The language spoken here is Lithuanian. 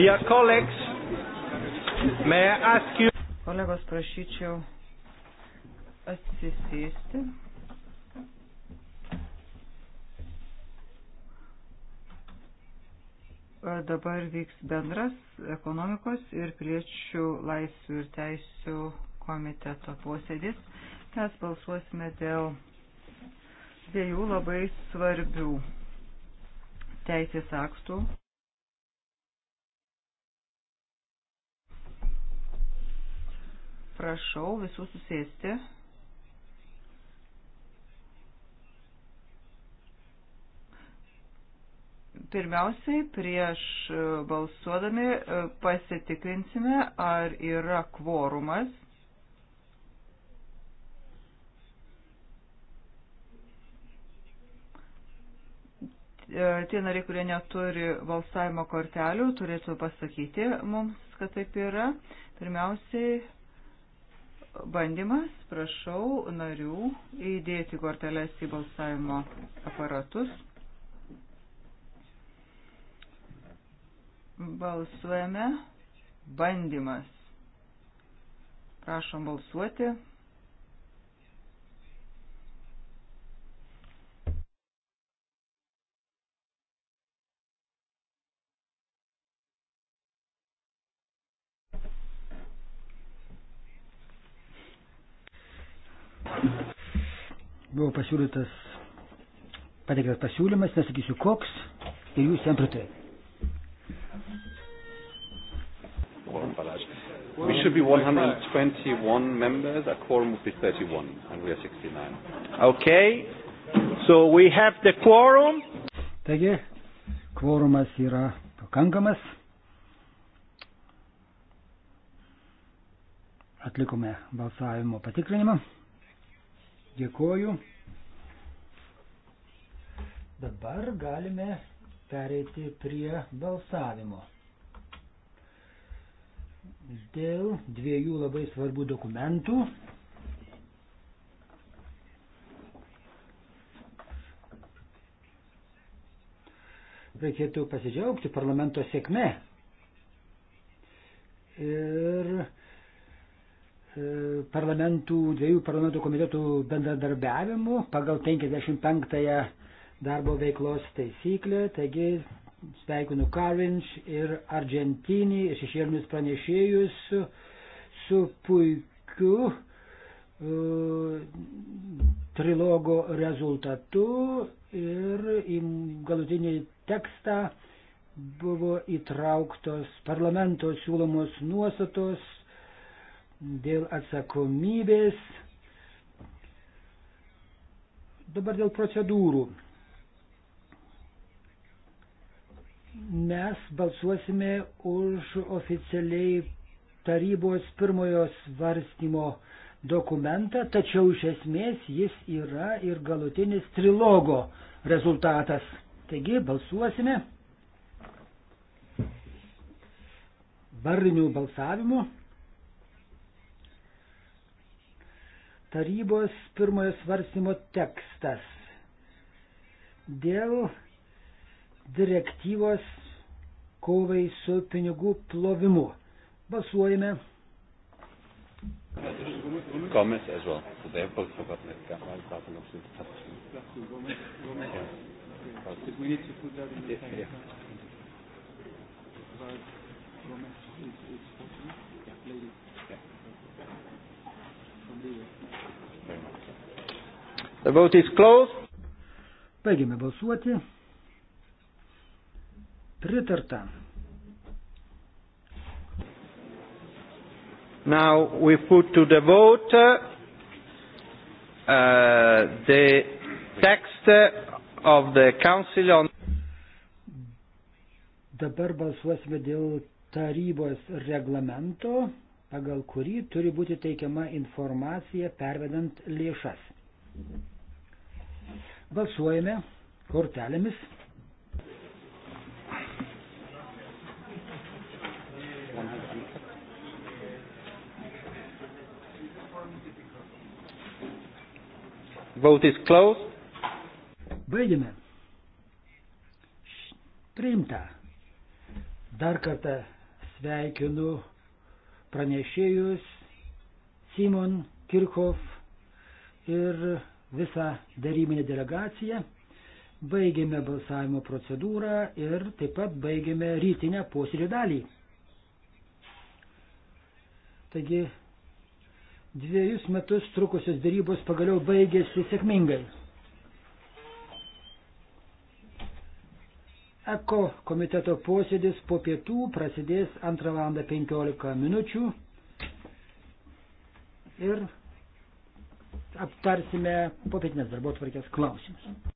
Dear colleagues, may I ask you... Kolegos, prašyčiau atsisėsti. Dabar vyks bendras ekonomikos ir priečių laisvių ir teisių komiteto posėdis. Mes balsuosime dėl dviejų labai svarbių teisės aktų. Prašau visų susėsti. Pirmiausiai, prieš e, balsuodami e, pasitikrinsime, ar yra kvorumas. E, tie nariai, kurie neturi balsavimo kortelių, turėtų pasakyti mums, kad taip yra. Pirmiausiai bandymas, prašau narių įdėti korteles į balsavimo aparatus. Balsuojame. Bandymas. Prašom balsuoti. buvo pasiūlytas, pateiktas pasiūlymas, nesakysiu koks, ir jūs jam pritarėte. We should be 121 members, a quorum would be 31, and we are 69. Okay, so we have the quorum. Taigi, kvorumas yra pakankamas. Atlikome balsavimo patikrinimą. Dėkoju. Dabar galime pereiti prie balsavimo. Dėl dviejų labai svarbių dokumentų. Reikėtų pasidžiaugti parlamento sėkme E, parlamentų, dviejų parlamentų komitetų bendradarbiavimu pagal 55-ąją darbo veiklos taisyklę. Taigi sveikinu Karinč ir Argentinį ir šešėlinius pranešėjus su, su puikiu uh, trilogo rezultatu ir į galutinį tekstą buvo įtrauktos parlamento siūlomos nuostatos dėl atsakomybės. Dabar dėl procedūrų. Mes balsuosime už oficialiai tarybos pirmojo svarstymo dokumentą, tačiau iš esmės jis yra ir galutinis trilogo rezultatas. Taigi balsuosime vardinių balsavimų. tarybos pirmojo svarstymo tekstas dėl direktyvos kovai su pinigų plovimu. Balsuojame. Gomez as well. So they're both forgotten. It got my problem up to the top. Gomez. Gomez. Yeah. Because we need to put that in the text. Yeah. But Gomez is, is fortunate. Yeah. Lady. Yeah. The vote is closed. Baigėme balsuoti. Pritarta. Now we put to the vote uh, the text of the Council on. Dabar balsuosime dėl tarybos reglamento pagal kurį turi būti teikiama informacija pervedant lėšas. Balsuojame kortelėmis. Vote is closed. Baigime. Priimta. Dar kartą sveikinu pranešėjus Simon Kirchhoff ir visą darybinę delegaciją. Baigėme balsavimo procedūrą ir taip pat baigėme rytinę posėdžio dalį. Taigi dviejus metus trukusios darybos pagaliau baigėsi sėkmingai. Eko komiteto posėdis po pietų prasidės 2 val. 15 minučių ir aptarsime popietinės darbo tvarkės klausimus.